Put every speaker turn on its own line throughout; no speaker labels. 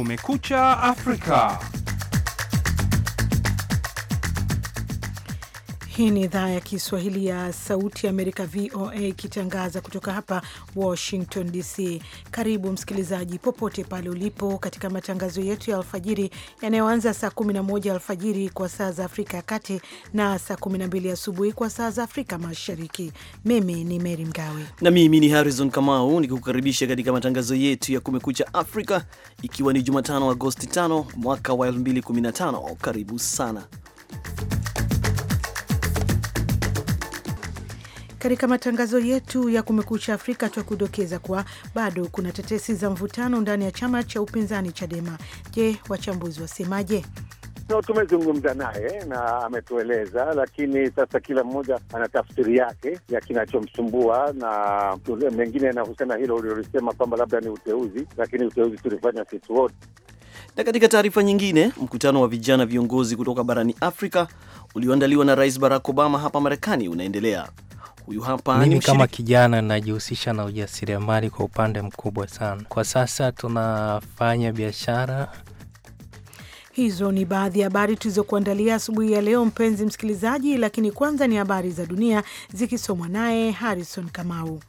Kumekucha Afrika.
Hii ni idhaa ya Kiswahili ya Sauti ya Amerika, VOA, ikitangaza kutoka hapa Washington DC. Karibu msikilizaji, popote pale ulipo, katika matangazo yetu ya alfajiri yanayoanza saa 11 alfajiri kwa saa za Afrika ya Kati na saa 12 asubuhi kwa saa za Afrika Mashariki. Mimi ni Mary Mgawe
na mimi ni Harrison Kamau nikukaribisha katika matangazo yetu ya Kumekucha Afrika, ikiwa ni Jumatano, Agosti 5 mwaka wa 2015. Karibu sana.
Katika matangazo yetu ya Kumekucha Afrika twakudokeza kuwa bado kuna tetesi za mvutano ndani ya chama cha upinzani Chadema. Je, wachambuzi wasemaje?
No, tumezungumza naye na ametueleza, lakini sasa kila mmoja ana tafsiri yake ya kinachomsumbua, na mengine yanahusiana hilo uliolisema kwamba labda ni uteuzi, lakini uteuzi tulifanya sisi wote.
Na katika taarifa nyingine, mkutano wa vijana viongozi kutoka barani Afrika ulioandaliwa na Rais Barack Obama hapa Marekani unaendelea. Huyu hapa mimi ni Kama
kijana najihusisha na ujasiriamali kwa upande mkubwa sana. Kwa sasa tunafanya biashara
Hizo
ni baadhi ya habari tulizokuandalia asubuhi ya leo, mpenzi msikilizaji, lakini kwanza ni habari za dunia zikisomwa naye Harrison Kamau.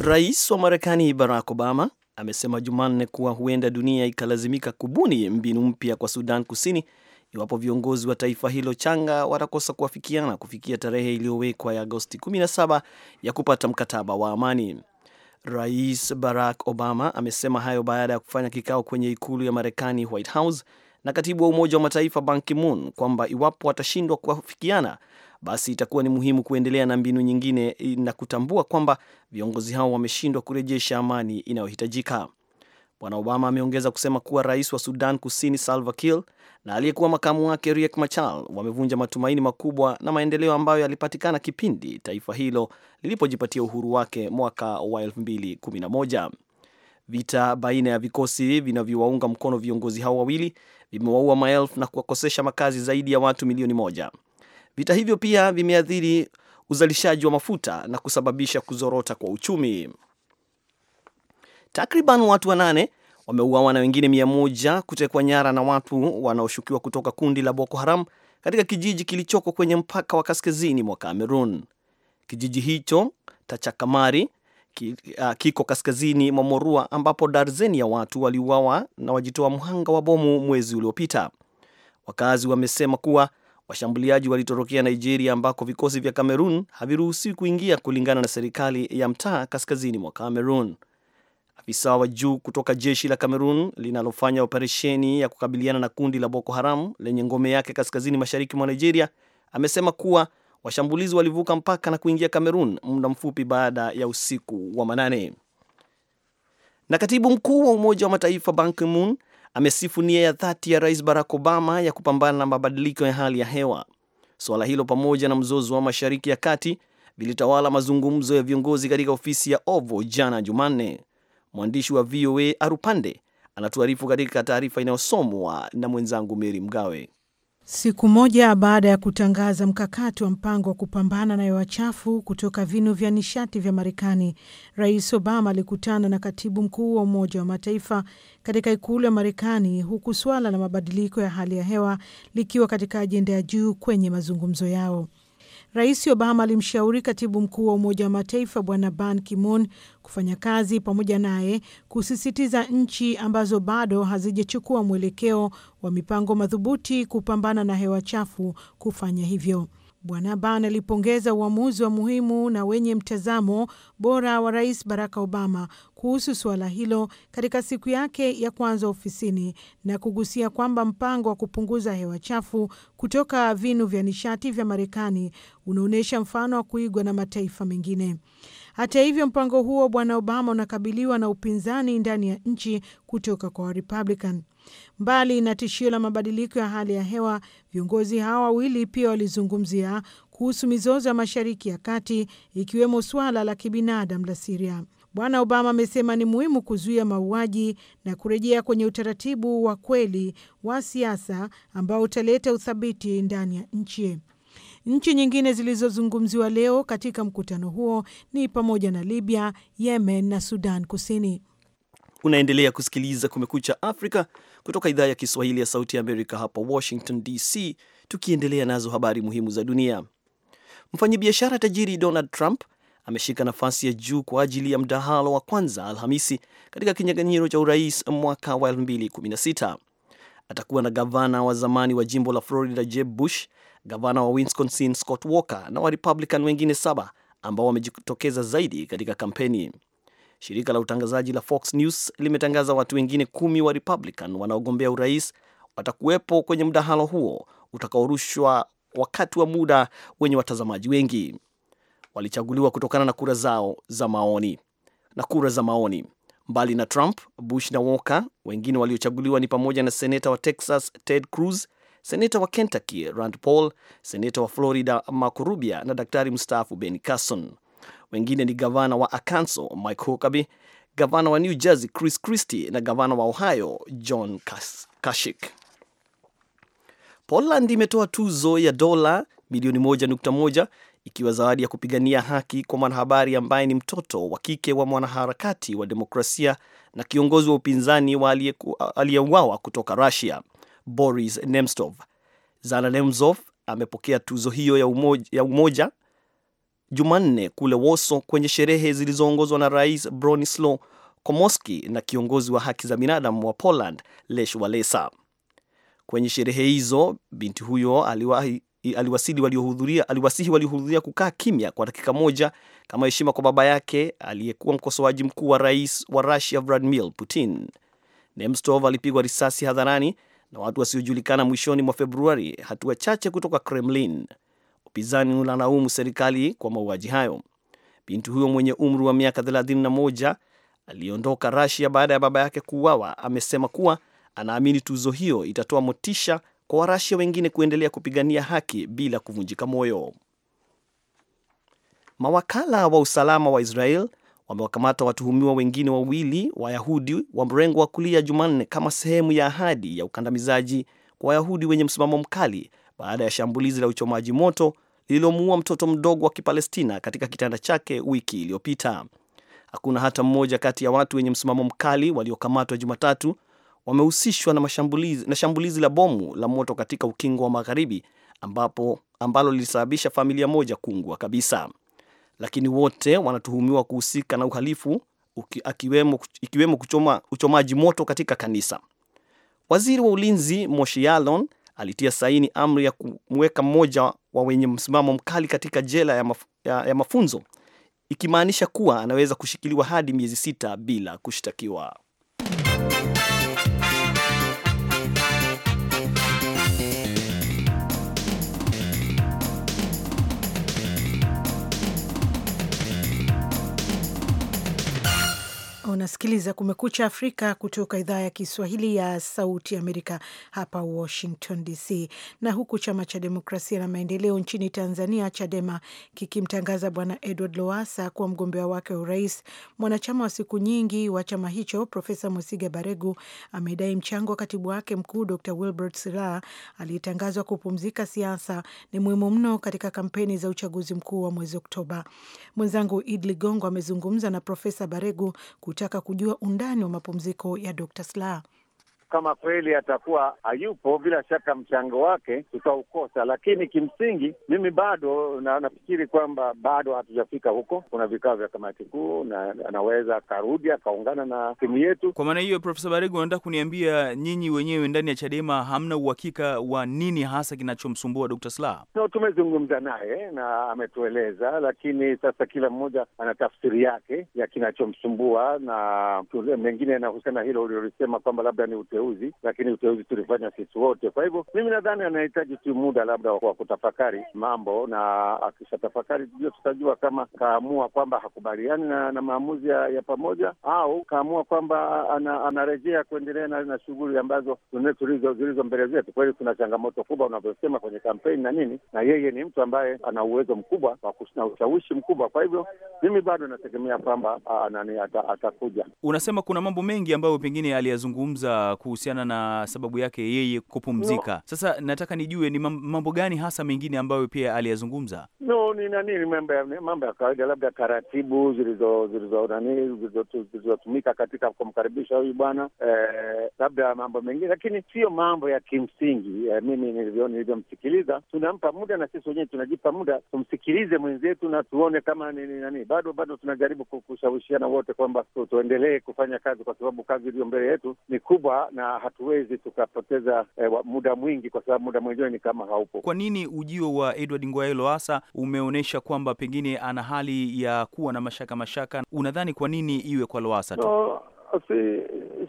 Rais wa Marekani Barack Obama amesema Jumanne kuwa huenda dunia ikalazimika kubuni mbinu mpya kwa Sudan Kusini iwapo viongozi wa taifa hilo changa watakosa kuafikiana kufikia tarehe iliyowekwa ya Agosti 17 ya kupata mkataba wa amani. Rais Barack Obama amesema hayo baada ya kufanya kikao kwenye ikulu ya Marekani, White House, na katibu wa Umoja wa Mataifa Ban Ki-moon kwamba iwapo watashindwa kuafikiana basi itakuwa ni muhimu kuendelea na mbinu nyingine e, na kutambua kwamba viongozi hao wameshindwa kurejesha amani inayohitajika. Bwana Obama ameongeza kusema kuwa rais wa Sudan Kusini Salva Kiir na aliyekuwa makamu wake Riek Machar wamevunja matumaini makubwa na maendeleo ambayo yalipatikana kipindi taifa hilo lilipojipatia uhuru wake mwaka wa 2011. Vita baina ya vikosi vinavyowaunga mkono viongozi hao wawili vimewaua maelfu na kuwakosesha makazi zaidi ya watu milioni moja. Vita hivyo pia vimeathiri uzalishaji wa mafuta na kusababisha kuzorota kwa uchumi. Takriban watu wanane wameuawa na wengine mia moja kutekwa nyara na watu wanaoshukiwa kutoka kundi la Boko Haram katika kijiji kilichoko kwenye mpaka wa kaskazini mwa Cameroon. Kijiji hicho Tachakamari uh, kiko kaskazini mwa Morua ambapo darzeni ya watu waliuawa na wajitoa mhanga wa bomu mwezi uliopita. Wakazi wamesema kuwa Washambuliaji walitorokea Nigeria ambako vikosi vya Cameroon haviruhusiwi kuingia kulingana na serikali ya mtaa kaskazini mwa Cameroon. Afisa wa juu kutoka jeshi la Cameroon linalofanya operesheni ya kukabiliana na kundi la Boko Haram lenye ngome yake kaskazini mashariki mwa Nigeria amesema kuwa washambulizi walivuka mpaka na kuingia Cameroon muda mfupi baada ya usiku wa manane. Na katibu mkuu wa Umoja wa Mataifa Ban Ki-moon amesifu nia ya dhati ya Rais Barack Obama ya kupambana na mabadiliko ya hali ya hewa. Suala hilo pamoja na mzozo wa Mashariki ya Kati vilitawala mazungumzo ya viongozi katika ofisi ya ovo jana Jumanne. Mwandishi wa VOA Arupande anatuarifu katika taarifa inayosomwa na mwenzangu Meri Mgawe.
Siku moja baada ya kutangaza mkakati wa mpango wa kupambana na hewa chafu kutoka vinu vya nishati vya Marekani, Rais Obama alikutana na katibu mkuu wa Umoja wa Mataifa katika ikulu ya Marekani, huku suala la mabadiliko ya hali ya hewa likiwa katika ajenda ya juu kwenye mazungumzo yao. Rais Obama alimshauri katibu mkuu wa Umoja wa Mataifa Bwana Ban Ki-moon kufanya kazi pamoja naye kusisitiza nchi ambazo bado hazijachukua mwelekeo wa mipango madhubuti kupambana na hewa chafu kufanya hivyo. Bwana Ban alipongeza uamuzi wa muhimu na wenye mtazamo bora wa Rais Barack Obama kuhusu suala hilo katika siku yake ya kwanza ofisini na kugusia kwamba mpango wa kupunguza hewa chafu kutoka vinu vya nishati vya Marekani unaonyesha mfano wa kuigwa na mataifa mengine. Hata hivyo, mpango huo Bwana Obama unakabiliwa na upinzani ndani ya nchi kutoka kwa Republican. Mbali na tishio la mabadiliko ya hali ya hewa, viongozi hawa wawili pia walizungumzia kuhusu mizozo ya Mashariki ya Kati, ikiwemo suala la kibinadamu la Siria. Bwana Obama amesema ni muhimu kuzuia mauaji na kurejea kwenye utaratibu wa kweli wa siasa ambao utaleta uthabiti ndani ya nchi. Nchi nyingine zilizozungumziwa leo katika mkutano huo ni pamoja na Libya, Yemen na Sudan Kusini.
Unaendelea kusikiliza Kumekucha Afrika kutoka idhaa ya Kiswahili ya Sauti ya Amerika hapa Washington DC, tukiendelea nazo habari muhimu za dunia. Mfanyabiashara tajiri Donald Trump ameshika nafasi ya juu kwa ajili ya mdahalo wa kwanza Alhamisi katika kinyang'anyiro cha urais mwaka wa 2016. Atakuwa na gavana wa zamani wa jimbo la Florida Jeb Bush, gavana wa Wisconsin Scott Walker na wa Republican wengine saba ambao wamejitokeza zaidi katika kampeni. Shirika la utangazaji la Fox News limetangaza watu wengine kumi wa Republican wanaogombea urais watakuwepo kwenye mdahalo huo utakaorushwa wakati wa muda wenye watazamaji wengi. Walichaguliwa kutokana na kura zao za maoni na kura za maoni. Mbali na Trump, Bush na Walker, wengine waliochaguliwa ni pamoja na seneta wa Texas Ted Cruz, seneta wa Kentucky Rand Paul, seneta wa Florida Marco Rubio na daktari mstaafu Ben Carson. Wengine ni gavana wa Arkansas Mike Huckabee, gavana wa New Jersey Chris Christie na gavana wa Ohio John Kasich. Poland imetoa tuzo ya dola milioni 1.1 ikiwa zawadi ya kupigania haki kwa mwanahabari ambaye ni mtoto wa kike wa mwanaharakati wa demokrasia na kiongozi wa upinzani wa aliyeuawa kutoka Russia Boris Nemtsov. Zana Nemtsov amepokea tuzo hiyo ya umoja, ya umoja Jumanne kule Woso kwenye sherehe zilizoongozwa na Rais bronislaw komoski na kiongozi wa haki za binadamu wa Poland Lech Walesa. Kwenye sherehe hizo binti huyo aliwasihi waliohudhuria aliwasihi waliohudhuria kukaa kimya kwa dakika moja kama heshima kwa baba yake aliyekuwa mkosoaji mkuu wa rais wa Russia Vladimir Putin. Nemstov alipigwa risasi hadharani na watu wasiojulikana mwishoni mwa Februari, hatua chache kutoka Kremlin. Upinzani unalaumu serikali kwa mauaji hayo. Binti huyo mwenye umri wa miaka 31 aliondoka Rasia baada ya baba yake kuuawa amesema kuwa anaamini tuzo hiyo itatoa motisha kwa Warasia wengine kuendelea kupigania haki bila kuvunjika moyo. Mawakala wa usalama wa Israel wamewakamata watuhumiwa wengine wawili Wayahudi wa mrengo wa kulia Jumanne kama sehemu ya ahadi ya ukandamizaji kwa Wayahudi wenye msimamo mkali baada ya shambulizi la uchomaji moto lililomuua mtoto mdogo wa Kipalestina katika kitanda chake wiki iliyopita. Hakuna hata mmoja kati ya watu wenye msimamo mkali waliokamatwa Jumatatu wamehusishwa na mashambulizi, na shambulizi la bomu la moto katika ukingo wa Magharibi ambapo ambalo lilisababisha familia moja kuungua kabisa, lakini wote wanatuhumiwa kuhusika na uhalifu uki, akiwemo, ikiwemo kuchoma, uchomaji moto katika kanisa. Waziri wa ulinzi Moshe alitia saini amri ya kumweka mmoja wa wenye msimamo mkali katika jela ya, maf ya, ya mafunzo ikimaanisha kuwa anaweza kushikiliwa hadi miezi sita bila kushtakiwa.
unasikiliza Kumekucha Afrika kutoka idhaa ya Kiswahili ya Sauti Amerika hapa Washington DC. Na huku chama cha demokrasia na maendeleo nchini Tanzania, CHADEMA, kikimtangaza Bwana Edward Lowasa kuwa mgombea wake wa urais, mwanachama wa siku nyingi wa chama hicho Profesa Mwesiga Baregu amedai mchango wa katibu wake mkuu Dr Wilbert Sila aliyetangazwa kupumzika siasa ni muhimu mno katika kampeni za uchaguzi mkuu wa mwezi Oktoba. Mwenzangu Id Ligongo amezungumza na Profesa Baregu kutaka kujua undani wa mapumziko ya Dr. Slaa.
Kama kweli atakuwa hayupo, bila shaka mchango wake tutaukosa, lakini kimsingi mimi bado na, nafikiri kwamba bado hatujafika huko. Kuna vikao vya kamati kuu na anaweza akarudi akaungana na timu
yetu. Kwa maana hiyo, Profesa Baregu, nataka kuniambia nyinyi wenyewe ndani ya Chadema hamna uhakika wa nini hasa kinachomsumbua Dkt. Slaa?
No, tumezungumza naye na ametueleza, lakini sasa kila mmoja ana tafsiri yake ya kinachomsumbua, na mengine yanahusiana hilo uliolisema kwamba labda ni utu uteuzi, lakini uteuzi tulifanya sisi wote. Kwa hivyo mimi nadhani anahitaji tu muda labda wa kutafakari mambo, na akishatafakari ndio tutajua kama kaamua kwamba hakubaliani na, na maamuzi ya, ya pamoja au kaamua kwamba ana, anarejea kuendelea na, na shughuli ambazo zilizo mbele zetu. Kweli kuna changamoto kubwa unavyosema kwenye kampeni na nini, na yeye ni mtu ambaye ana uwezo mkubwa na ushawishi mkubwa. Kwa hivyo mimi bado nategemea kwamba atakuja.
Unasema kuna mambo mengi ambayo pengine aliyazungumza kuhusiana na sababu yake yeye kupumzika no. Sasa nataka nijue ni mambo gani hasa mengine ambayo pia aliyazungumza?
No, ni nani, mambo ya kawaida, labda taratibu zilizotumika katika kumkaribisha huyu bwana eh, labda mambo mengine, lakini sio mambo ya kimsingi eh, mimi nilivyomsikiliza, tunampa muda na sisi wenyewe tunajipa muda tumsikilize mwenzetu na tuone kama ni nani, bado bado tunajaribu kushawishiana wote kwamba tuendelee kufanya kazi, kwa sababu kazi iliyo mbele yetu ni kubwa na hatuwezi tukapoteza eh, muda mwingi, kwa sababu muda mwenyewe ni kama haupo. Kwa
nini ujio wa Edward Ngoyai Lowassa umeonyesha kwamba pengine ana hali ya kuwa na mashaka mashaka? Unadhani kwa nini iwe kwa Lowassa tu? No,
si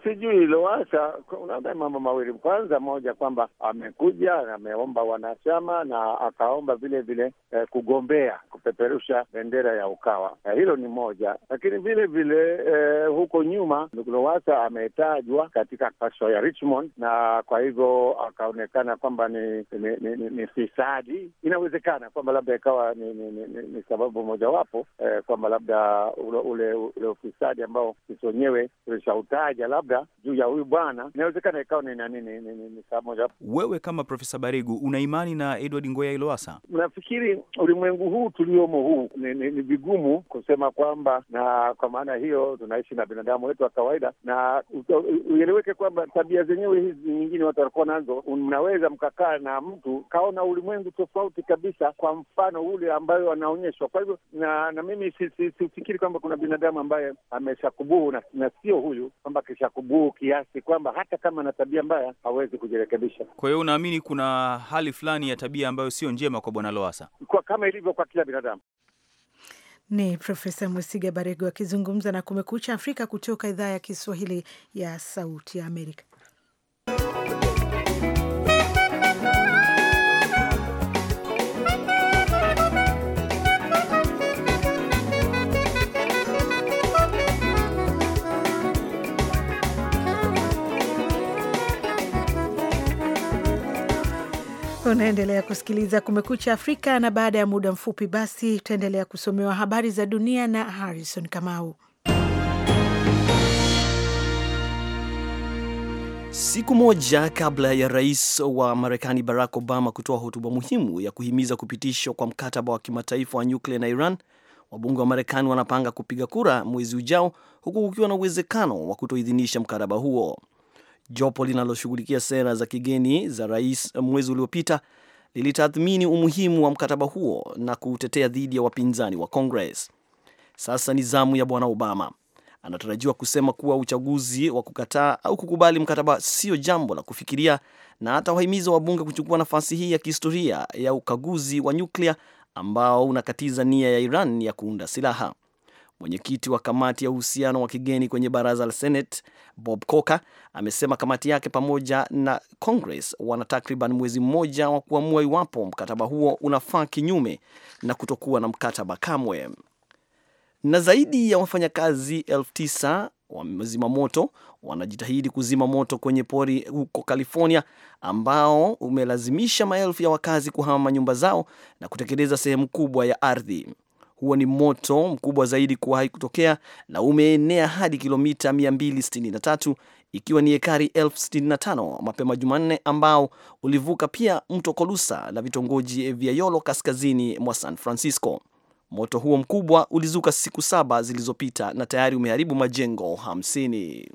sijui Lowassa unaona mambo mawili. Kwanza moja, kwamba amekuja ameomba wanachama na akaomba vile vile eh, kugombea kupeperusha bendera ya Ukawa eh, hilo ni moja, lakini vile vile eh, huko nyuma lowasa ametajwa katika kashfa ya Richmond na kwa hivyo akaonekana kwamba ni, ni, ni, ni, ni fisadi. Inawezekana kwamba labda ikawa ni, ni, ni, ni, ni sababu mojawapo eh, kwamba labda ule ule ufisadi ambao sisi wenyewe tulishautaja labda labda juu ya huyu bwana, inawezekana ikawa ni nani, ni, ni, ni, ni saa moja.
Wewe kama Profesa Barigu, una imani na Edward Ngoya Iloasa?
Nafikiri ulimwengu huu tuliomo huu ni, ni, ni vigumu kusema kwamba, na kwa maana hiyo tunaishi na binadamu wetu wa kawaida, na ueleweke kwamba tabia zenyewe hizi nyingine watu walikuwa nazo, mnaweza mkakaa na mtu kaona ulimwengu tofauti kabisa, kwa mfano ule ambayo anaonyeshwa. Kwa hivyo na, na mimi sifikiri si, si, kwamba kuna binadamu ambaye ameshakubuhu na, na sio huyu kwamba kisha kubuu kiasi kwamba hata kama na tabia mbaya hawezi kujirekebisha.
Kwa hiyo unaamini kuna hali fulani ya tabia ambayo sio njema kwa bwana Loasa,
kwa kama ilivyo kwa kila binadamu.
Ni Profesa Mwesiga barego akizungumza na Kumekucha Afrika kutoka idhaa ya Kiswahili ya Sauti ya Amerika. Unaendelea kusikiliza Kumekucha Afrika, na baada ya muda mfupi basi tutaendelea kusomewa habari za dunia na Harrison Kamau.
Siku moja kabla ya rais wa Marekani Barack Obama kutoa hotuba muhimu ya kuhimiza kupitishwa kwa mkataba wa kimataifa wa nyuklia na Iran, wabunge wa Marekani wanapanga kupiga kura mwezi ujao, huku kukiwa na uwezekano wa kutoidhinisha mkataba huo. Jopo linaloshughulikia sera za kigeni za rais mwezi uliopita lilitathmini umuhimu wa mkataba huo na kuutetea dhidi ya wapinzani wa Congress. Sasa ni zamu ya bwana Obama. Anatarajiwa kusema kuwa uchaguzi wa kukataa au kukubali mkataba sio jambo la kufikiria, na atawahimiza wabunge kuchukua nafasi hii ya kihistoria ya ukaguzi wa nyuklia ambao unakatiza nia ya Iran ya kuunda silaha. Mwenyekiti wa kamati ya uhusiano wa kigeni kwenye baraza la Senate Bob Corker amesema kamati yake pamoja na Congress wana takriban mwezi mmoja wa kuamua iwapo mkataba huo unafaa kinyume na kutokuwa na mkataba kamwe. Na zaidi ya wafanyakazi elfu tisa wamezima moto wanajitahidi kuzima moto kwenye pori huko California ambao umelazimisha maelfu ya wakazi kuhama nyumba zao na kutekeleza sehemu kubwa ya ardhi huo ni moto mkubwa zaidi kuwahi kutokea na umeenea hadi kilomita 263 ikiwa ni ekari 65 mapema Jumanne, ambao ulivuka pia mto Kolusa na vitongoji vya Yolo kaskazini mwa San Francisco. Moto huo mkubwa ulizuka siku saba zilizopita na tayari umeharibu majengo 50.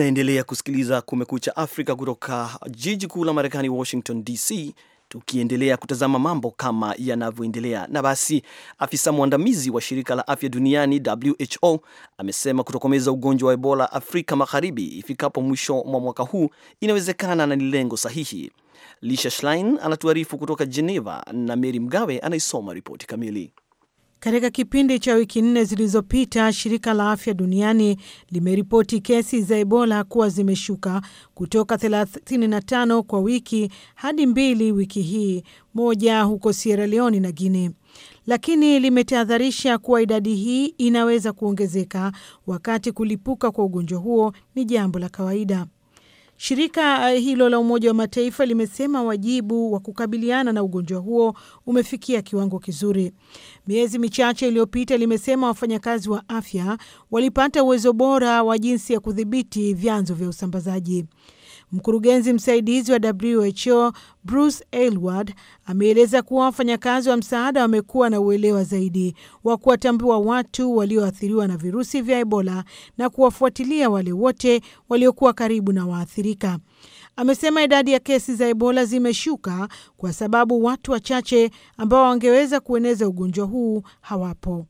Unaendelea kusikiliza Kumekucha Afrika kutoka jiji kuu la Marekani, Washington DC, tukiendelea kutazama mambo kama yanavyoendelea. Na basi, afisa mwandamizi wa shirika la afya duniani WHO amesema kutokomeza ugonjwa wa Ebola Afrika Magharibi ifikapo mwisho mwa mwaka huu inawezekana na ni lengo sahihi. Lisha Schlein anatuarifu kutoka Geneva na mary Mgawe anaisoma ripoti kamili. Katika kipindi cha wiki nne
zilizopita, shirika la afya duniani limeripoti kesi za Ebola kuwa zimeshuka kutoka 35 kwa wiki hadi mbili wiki hii, moja huko Sierra Leone na Guinea, lakini limetahadharisha kuwa idadi hii inaweza kuongezeka wakati kulipuka kwa ugonjwa huo ni jambo la kawaida. Shirika eh, hilo la Umoja wa Mataifa limesema wajibu wa kukabiliana na ugonjwa huo umefikia kiwango kizuri. Miezi michache iliyopita, limesema wafanyakazi wa afya walipata uwezo bora wa jinsi ya kudhibiti vyanzo vya usambazaji. Mkurugenzi msaidizi wa WHO Bruce Aylward ameeleza kuwa wafanyakazi wa msaada wamekuwa na uelewa zaidi wa kuwatambua watu walioathiriwa na virusi vya Ebola na kuwafuatilia wale wote waliokuwa karibu na waathirika. Amesema idadi ya kesi za Ebola zimeshuka kwa sababu watu wachache ambao wangeweza kueneza ugonjwa huu hawapo.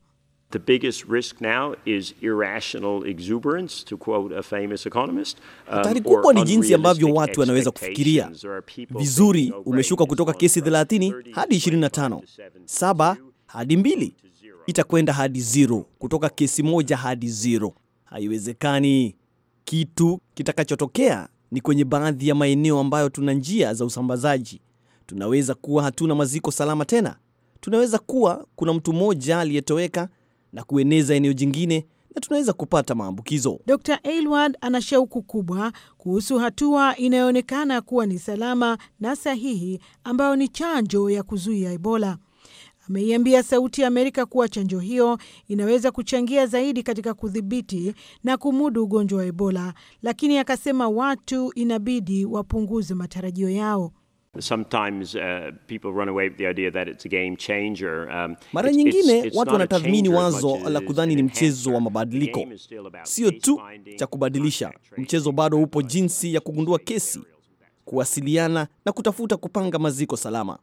The biggest risk now is irrational exuberance, to quote a famous economist. Um, Hatari kubwa ni jinsi ambavyo watu wanaweza kufikiria
vizuri. Umeshuka kutoka kesi 30 hadi 25, saba hadi mbili, itakwenda hadi zero, kutoka kesi moja hadi zero. Haiwezekani. Kitu kitakachotokea ni kwenye baadhi ya maeneo ambayo tuna njia za usambazaji, tunaweza kuwa hatuna maziko salama tena, tunaweza kuwa kuna mtu mmoja aliyetoweka na kueneza eneo jingine na tunaweza kupata maambukizo.
Dr. Aylward ana shauku kubwa kuhusu hatua inayoonekana kuwa ni salama na sahihi ambayo ni chanjo ya kuzuia Ebola. Ameiambia Sauti ya Amerika kuwa chanjo hiyo inaweza kuchangia zaidi katika kudhibiti na kumudu ugonjwa wa Ebola, lakini akasema watu inabidi wapunguze matarajio yao.
Sometimes, uh, people run away with the idea that it's a game changer. Um, mara nyingine it's, it's watu wanatathmini wazo la kudhani ni mchezo wa mabadiliko, sio tu cha kubadilisha. Mchezo bado upo jinsi ya kugundua kesi, kuwasiliana na kutafuta kupanga maziko salama.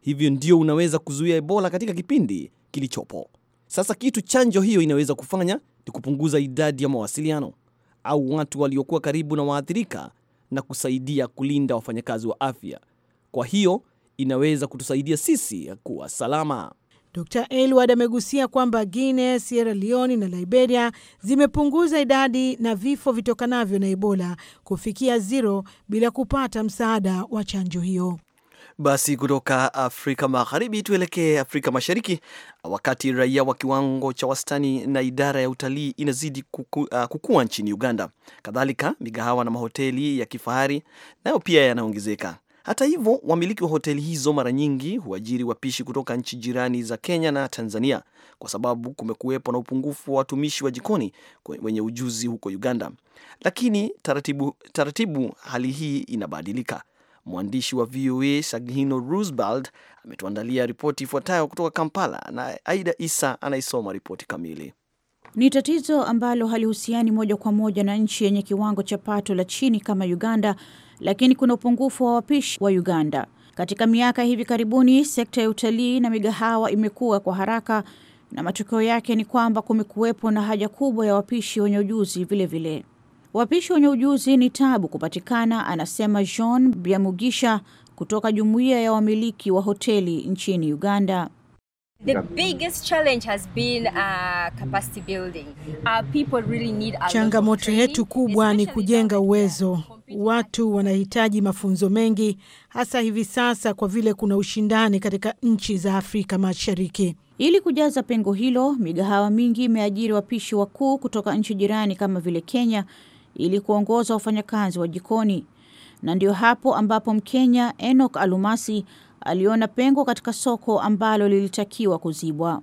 Hivyo ndio unaweza kuzuia Ebola katika kipindi kilichopo sasa. Kitu chanjo hiyo inaweza kufanya ni kupunguza idadi ya mawasiliano au watu waliokuwa karibu na waathirika na kusaidia kulinda wafanyakazi wa afya kwa hiyo inaweza kutusaidia sisi kuwa salama.
Dr Elward amegusia kwamba Guinea, Sierra Leone na Liberia zimepunguza idadi na vifo vitokanavyo na Ebola kufikia zero bila kupata msaada wa chanjo hiyo.
Basi kutoka Afrika Magharibi tuelekee Afrika Mashariki. Wakati raia wa kiwango cha wastani na idara ya utalii inazidi kuku, uh, kukua nchini Uganda, kadhalika migahawa na mahoteli ya kifahari nayo pia yanaongezeka. Hata hivyo, wamiliki wa hoteli hizo mara nyingi huajiri wapishi kutoka nchi jirani za Kenya na Tanzania kwa sababu kumekuwepo na upungufu wa watumishi wa jikoni wenye ujuzi huko Uganda. Lakini taratibu, taratibu hali hii inabadilika. Mwandishi wa VOA Sagino rusbald ametuandalia ripoti ifuatayo kutoka Kampala na Aida Isa anaisoma ripoti kamili.
Ni tatizo ambalo halihusiani moja kwa moja na nchi yenye kiwango cha pato la chini kama Uganda, lakini kuna upungufu wa wapishi wa Uganda. Katika miaka hivi karibuni, sekta ya utalii na migahawa imekuwa kwa haraka, na matokeo yake ni kwamba kumekuwepo na haja kubwa ya wapishi wenye ujuzi vilevile vile. Wapishi wenye ujuzi ni tabu kupatikana, anasema Jean Biamugisha kutoka jumuiya ya wamiliki wa hoteli nchini Uganda.
Uh, uh, Changamoto
yetu kubwa ni kujenga uwezo.
Watu wanahitaji mafunzo mengi, hasa hivi sasa, kwa vile kuna ushindani
katika nchi za Afrika Mashariki. Ili kujaza pengo hilo, migahawa mingi imeajiri wapishi wakuu kutoka nchi jirani kama vile Kenya ili kuongoza wafanyakazi wa jikoni, na ndio hapo ambapo Mkenya Enoch Alumasi aliona pengo katika soko ambalo lilitakiwa kuzibwa.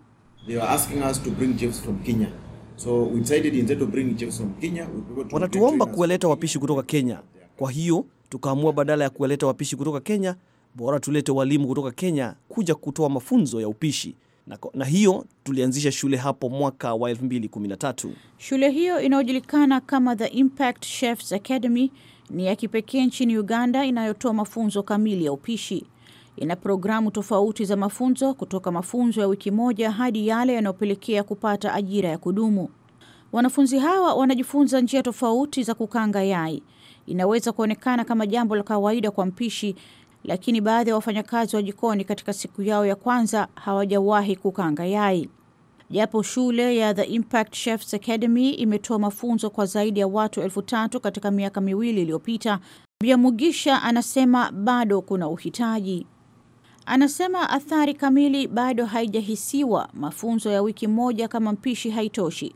wanatuomba kuwaleta wapishi kutoka Kenya, kwa hiyo tukaamua badala ya kuwaleta wapishi kutoka Kenya, bora tulete walimu kutoka Kenya kuja kutoa mafunzo ya upishi na, na hiyo tulianzisha shule hapo mwaka wa 2013.
Shule hiyo inayojulikana kama The Impact Chefs Academy ni ya kipekee nchini Uganda inayotoa mafunzo kamili ya upishi ina programu tofauti za mafunzo kutoka mafunzo ya wiki moja hadi yale yanayopelekea kupata ajira ya kudumu. Wanafunzi hawa wanajifunza njia tofauti za kukanga yai. Inaweza kuonekana kama jambo la kawaida kwa mpishi, lakini baadhi ya wafanyakazi wa jikoni katika siku yao ya kwanza hawajawahi kukanga yai. Japo shule ya The Impact Chefs Academy imetoa mafunzo kwa zaidi ya watu elfu tatu katika miaka miwili iliyopita, biamugisha anasema bado kuna uhitaji. Anasema athari kamili bado haijahisiwa. Mafunzo ya wiki moja kama mpishi haitoshi.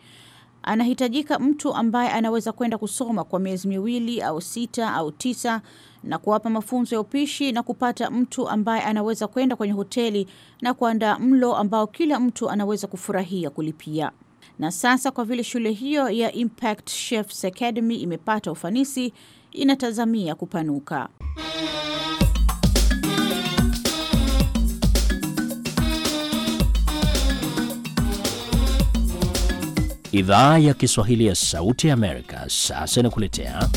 Anahitajika mtu ambaye anaweza kwenda kusoma kwa miezi miwili au sita au tisa na kuwapa mafunzo ya upishi na kupata mtu ambaye anaweza kwenda kwenye hoteli na kuandaa mlo ambao kila mtu anaweza kufurahia kulipia. Na sasa kwa vile shule hiyo ya Impact Chefs Academy imepata ufanisi, inatazamia kupanuka.
Idhaa ya Kiswahili ya Sauti ya Amerika sasa inakuletea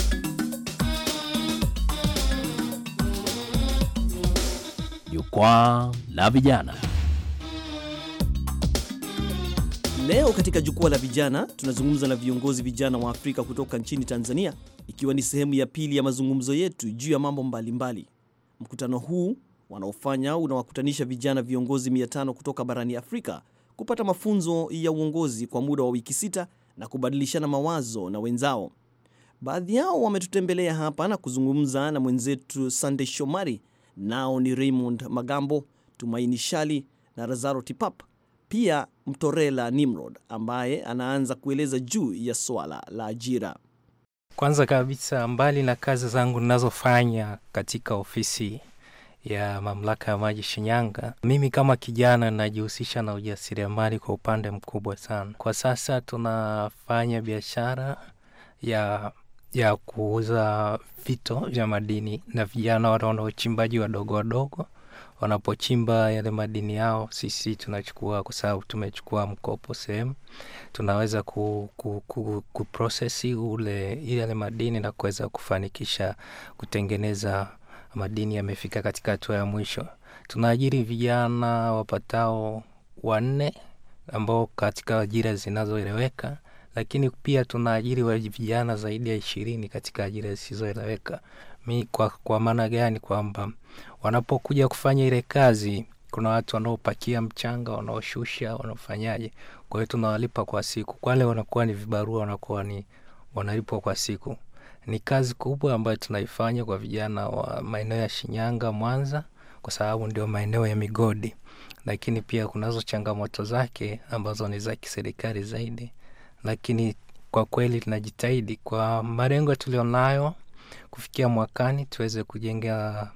Jukwaa la Vijana.
Leo katika Jukwaa la Vijana tunazungumza na viongozi vijana wa Afrika kutoka nchini Tanzania, ikiwa ni sehemu ya pili ya mazungumzo yetu juu ya mambo mbalimbali mbali. Mkutano huu wanaofanya unawakutanisha vijana viongozi 500 kutoka barani Afrika kupata mafunzo ya uongozi kwa muda wa wiki sita na kubadilishana mawazo na wenzao. Baadhi yao wametutembelea hapa na kuzungumza na mwenzetu Sandey Shomari, nao ni Raymond Magambo, Tumaini Shali na Razaro Tipap, pia Mtorela Nimrod ambaye anaanza kueleza juu ya swala la ajira.
Kwanza kabisa, mbali na kazi zangu ninazofanya katika ofisi ya mamlaka ya maji Shinyanga. Mimi kama kijana najihusisha na ujasiriamali kwa upande mkubwa sana. Kwa sasa tunafanya biashara ya ya kuuza vito vya madini, na vijana wanaona uchimbaji wadogo wadogo wanapochimba yale madini yao, sisi tunachukua, kwa sababu tumechukua mkopo sehemu, tunaweza ku, ku, ku, kuprosesi ule yale madini na kuweza kufanikisha kutengeneza madini yamefika katika hatua ya mwisho. Tunaajiri vijana wapatao wanne ambao katika ajira zinazoeleweka, lakini pia tunaajiri vijana zaidi ya ishirini katika ajira zisizoeleweka. Mi kwa, kwa maana gani? Kwamba wanapokuja kufanya ile kazi kuna watu wanaopakia mchanga, wanaoshusha, wanaofanyaje. Kwa hiyo tunawalipa kwa siku, wale wanakuwa ni vibarua, wanakuwa ni wanalipwa kwa siku. Ni kazi kubwa ambayo tunaifanya kwa vijana wa maeneo ya Shinyanga, Mwanza kwa sababu ndio maeneo ya migodi, lakini pia kunazo changamoto zake ambazo ni za kiserikali zaidi, lakini kwa kweli tunajitahidi kwa malengo tulionayo kufikia mwakani tuweze kujenga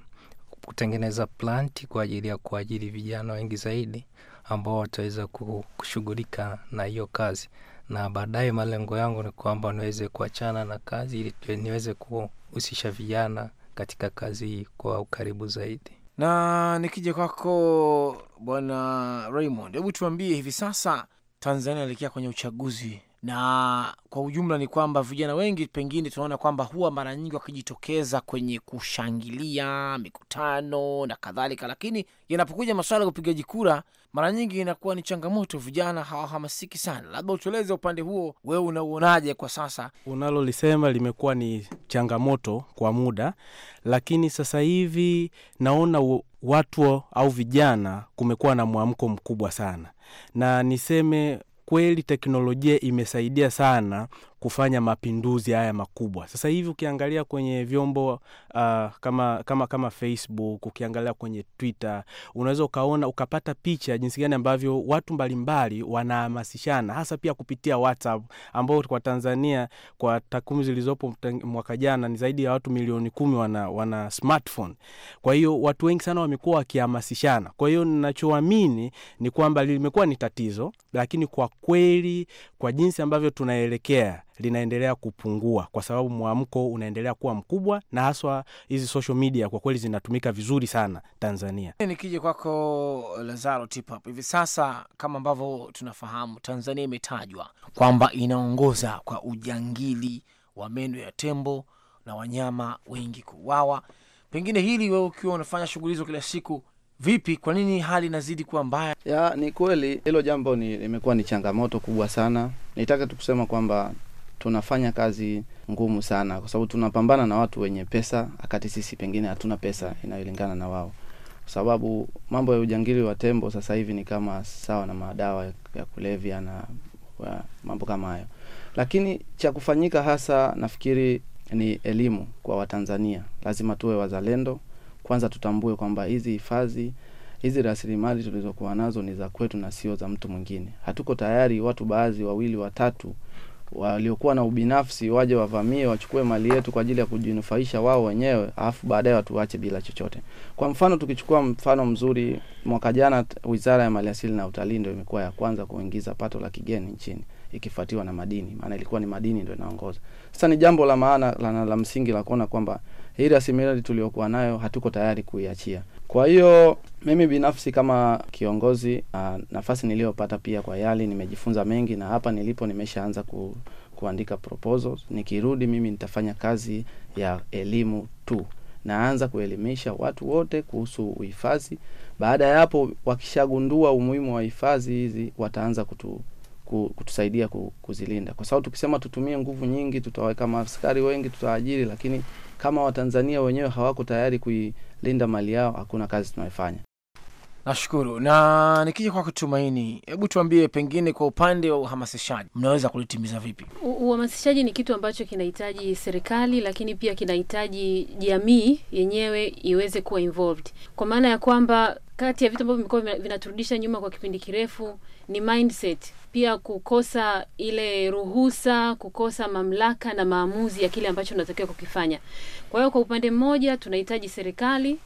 kutengeneza planti kwa ajili ya kuajiri vijana wengi zaidi ambao wataweza kushughulika na hiyo kazi na baadaye malengo yangu ni kwamba niweze kuachana na kazi ili niweze kuhusisha vijana katika kazi hii kwa ukaribu zaidi.
Na nikija kwako Bwana Raymond, hebu tuambie hivi sasa Tanzania ilielekea kwenye uchaguzi
na
kwa ujumla ni kwamba vijana wengi pengine tunaona kwamba huwa mara nyingi wakijitokeza kwenye kushangilia mikutano na kadhalika, lakini yanapokuja masuala ya upigaji kura, mara nyingi inakuwa ni changamoto, vijana hawahamasiki sana. Labda utueleze upande huo, wewe unauonaje kwa sasa?
Unalolisema limekuwa ni changamoto kwa muda, lakini sasa hivi naona watu au vijana kumekuwa na mwamko mkubwa sana, na niseme kweli teknolojia imesaidia sana kufanya mapinduzi haya makubwa. Sasa hivi ukiangalia kwenye vyombo uh, kama, kama, kama Facebook, ukiangalia kwenye Twitter, unaweza ukaona ukapata picha jinsi gani ambavyo watu mbalimbali wanahamasishana, hasa pia kupitia WhatsApp ambao kwa Tanzania kwa takwimu zilizopo mwaka jana ni zaidi ya watu milioni kumi wana, wana smartphone. Kwa hiyo watu wengi sana wamekuwa wakihamasishana. Kwa hiyo ninachoamini ni kwamba limekuwa ni tatizo, lakini kwa kweli kwa jinsi ambavyo tunaelekea linaendelea kupungua, kwa sababu mwamko unaendelea kuwa mkubwa, na haswa hizi social media kwa kweli zinatumika vizuri sana Tanzania.
Nikija kwako Lazaro Tipap, hivi sasa kama ambavyo tunafahamu, Tanzania imetajwa
kwamba inaongoza kwa
ujangili wa meno ya tembo na wanyama wengi kuuawa. Pengine hili wewe ukiwa unafanya shughuli hizo kila siku Vipi, kwa nini hali inazidi kuwa mbaya? Ya, ni kweli hilo jambo ni limekuwa ni changamoto kubwa sana. Nitaka tu kusema kwamba tunafanya kazi ngumu sana, kwa sababu tunapambana na watu wenye pesa, akati sisi pengine hatuna pesa inayolingana na wao, kwa sababu mambo ya ujangili wa tembo sasa hivi ni kama sawa na madawa ya kulevya na mambo kama hayo. Lakini cha kufanyika hasa nafikiri ni elimu kwa Watanzania. Lazima tuwe wazalendo kwanza, tutambue kwamba hizi hifadhi hizi rasilimali tulizokuwa nazo ni za kwetu na sio za mtu mwingine. Hatuko tayari watu baadhi wawili watatu waliokuwa na ubinafsi waje wavamie wachukue mali yetu kwa ajili ya kujinufaisha wao wenyewe, alafu baadaye watuache bila chochote. Kwa mfano, tukichukua mfano mzuri, mwaka jana Wizara ya Maliasili na Utalii ndo imekuwa ya kwanza kuingiza pato la kigeni nchini ikifuatiwa na madini, maana ilikuwa ni madini ndo inaongoza. Sasa ni jambo la maana la, la, la msingi la kuona kwamba ile asilimia tuliokuwa nayo hatuko tayari kuiachia. Kwa hiyo mimi binafsi kama kiongozi uh, nafasi niliyopata pia kwa YALI nimejifunza mengi, na hapa nilipo nimeshaanza ku, kuandika proposals. Nikirudi mimi nitafanya kazi ya elimu tu, naanza kuelimisha watu wote kuhusu uhifadhi. Baada ya hapo, wakishagundua umuhimu wa hifadhi hizi wataanza kutu kutusaidia kuzilinda, kwa sababu tukisema tutumie nguvu nyingi, tutaweka maaskari wengi, tutaajiri, lakini kama Watanzania wenyewe hawako tayari kuilinda mali yao, hakuna kazi tunayofanya. Nashukuru. Na nikija kwa Tumaini, hebu tuambie, pengine kwa upande wa uhamasishaji mnaweza kulitimiza vipi?
Uhamasishaji ni kitu ambacho kinahitaji serikali, lakini pia kinahitaji jamii yenyewe iweze kuwa involved, kwa maana ya kwamba kati ya vitu ambavyo vimekuwa vinaturudisha nyuma kwa kipindi kirefu ni mindset pia kukosa ile ruhusa, kukosa mamlaka na maamuzi ya kile ambacho unatakiwa kukifanya. Kwa hiyo kwa upande mmoja tunahitaji serikali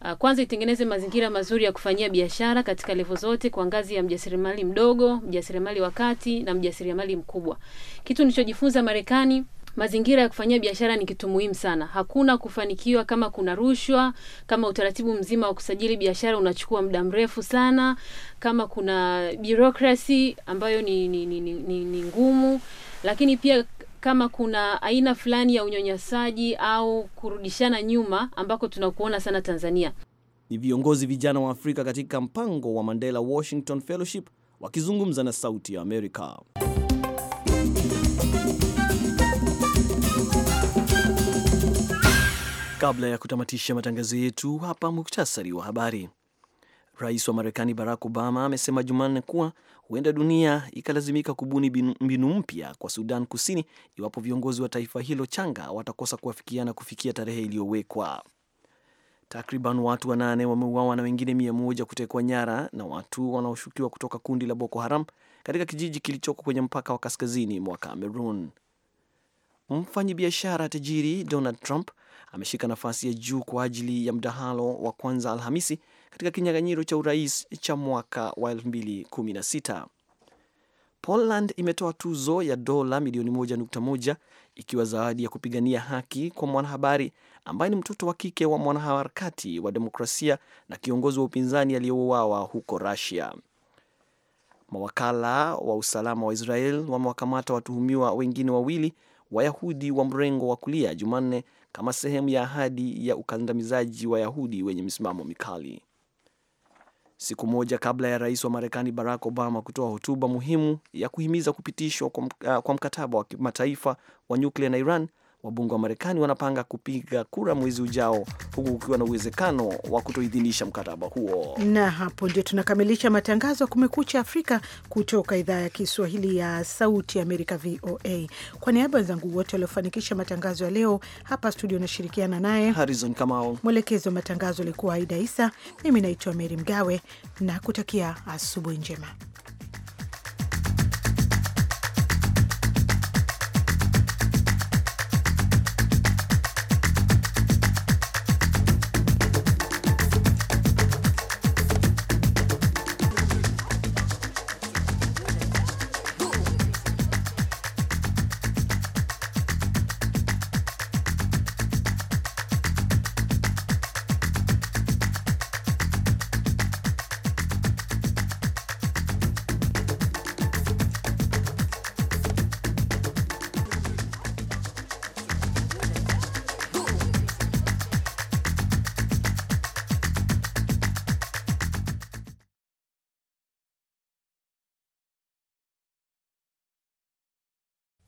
ah, kwanza itengeneze mazingira mazuri ya kufanyia biashara katika levo zote, kwa ngazi ya mjasiriamali mdogo, mjasiriamali wa kati na mjasiriamali mkubwa. Kitu nilichojifunza Marekani mazingira ya kufanyia biashara ni kitu muhimu sana. Hakuna kufanikiwa kama kuna rushwa, kama utaratibu mzima wa kusajili biashara unachukua muda mrefu sana, kama kuna bureaucracy ambayo ni, ni, ni, ni, ni ngumu, lakini pia kama kuna aina fulani ya unyanyasaji au kurudishana nyuma ambako tunakuona sana Tanzania.
Ni viongozi vijana wa Afrika katika mpango wa Mandela Washington Fellowship wakizungumza na Sauti ya Amerika. Kabla ya kutamatisha matangazo yetu hapa, muktasari wa habari. Rais wa Marekani Barack Obama amesema Jumanne kuwa huenda dunia ikalazimika kubuni mbinu mpya kwa Sudan Kusini iwapo viongozi wa taifa hilo changa watakosa kuafikiana kufikia tarehe iliyowekwa. Takriban watu wanane wameuawa na wengine mia moja kutekwa nyara na watu wanaoshukiwa kutoka kundi la Boko Haram katika kijiji kilichoko kwenye mpaka wa kaskazini mwa Cameroon. Mfanyabiashara tajiri Donald Trump ameshika nafasi ya juu kwa ajili ya mdahalo wa kwanza Alhamisi katika kinyang'anyiro cha urais cha mwaka wa 2016. Poland imetoa tuzo ya dola milioni 1.1 ikiwa zawadi ya kupigania haki kwa mwanahabari ambaye ni mtoto wa kike wa mwanaharakati wa demokrasia na kiongozi wa upinzani aliyeuawa huko Russia. Mawakala wa usalama wa Israel wamewakamata watuhumiwa wengine wawili Wayahudi wa mrengo wa kulia Jumanne kama sehemu ya ahadi ya ukandamizaji wa Yahudi wenye misimamo mikali. Siku moja kabla ya rais wa Marekani Barack Obama kutoa hotuba muhimu ya kuhimiza kupitishwa kwa mkataba wa kimataifa wa nyuklia na Iran, Wabunge wa Marekani wanapanga kupiga kura mwezi ujao, huku kukiwa na uwezekano wa kutoidhinisha mkataba huo.
Na hapo ndio tunakamilisha matangazo ya Kumekucha Afrika kutoka idhaa ya Kiswahili ya Sauti ya Amerika, VOA. Kwa niaba ya wenzangu wote waliofanikisha matangazo ya leo hapa studio, nashirikiana naye
Harizon Kamau,
mwelekezi wa matangazo alikuwa Aida Isa. Mimi naitwa Meri Mgawe na kutakia asubuhi njema.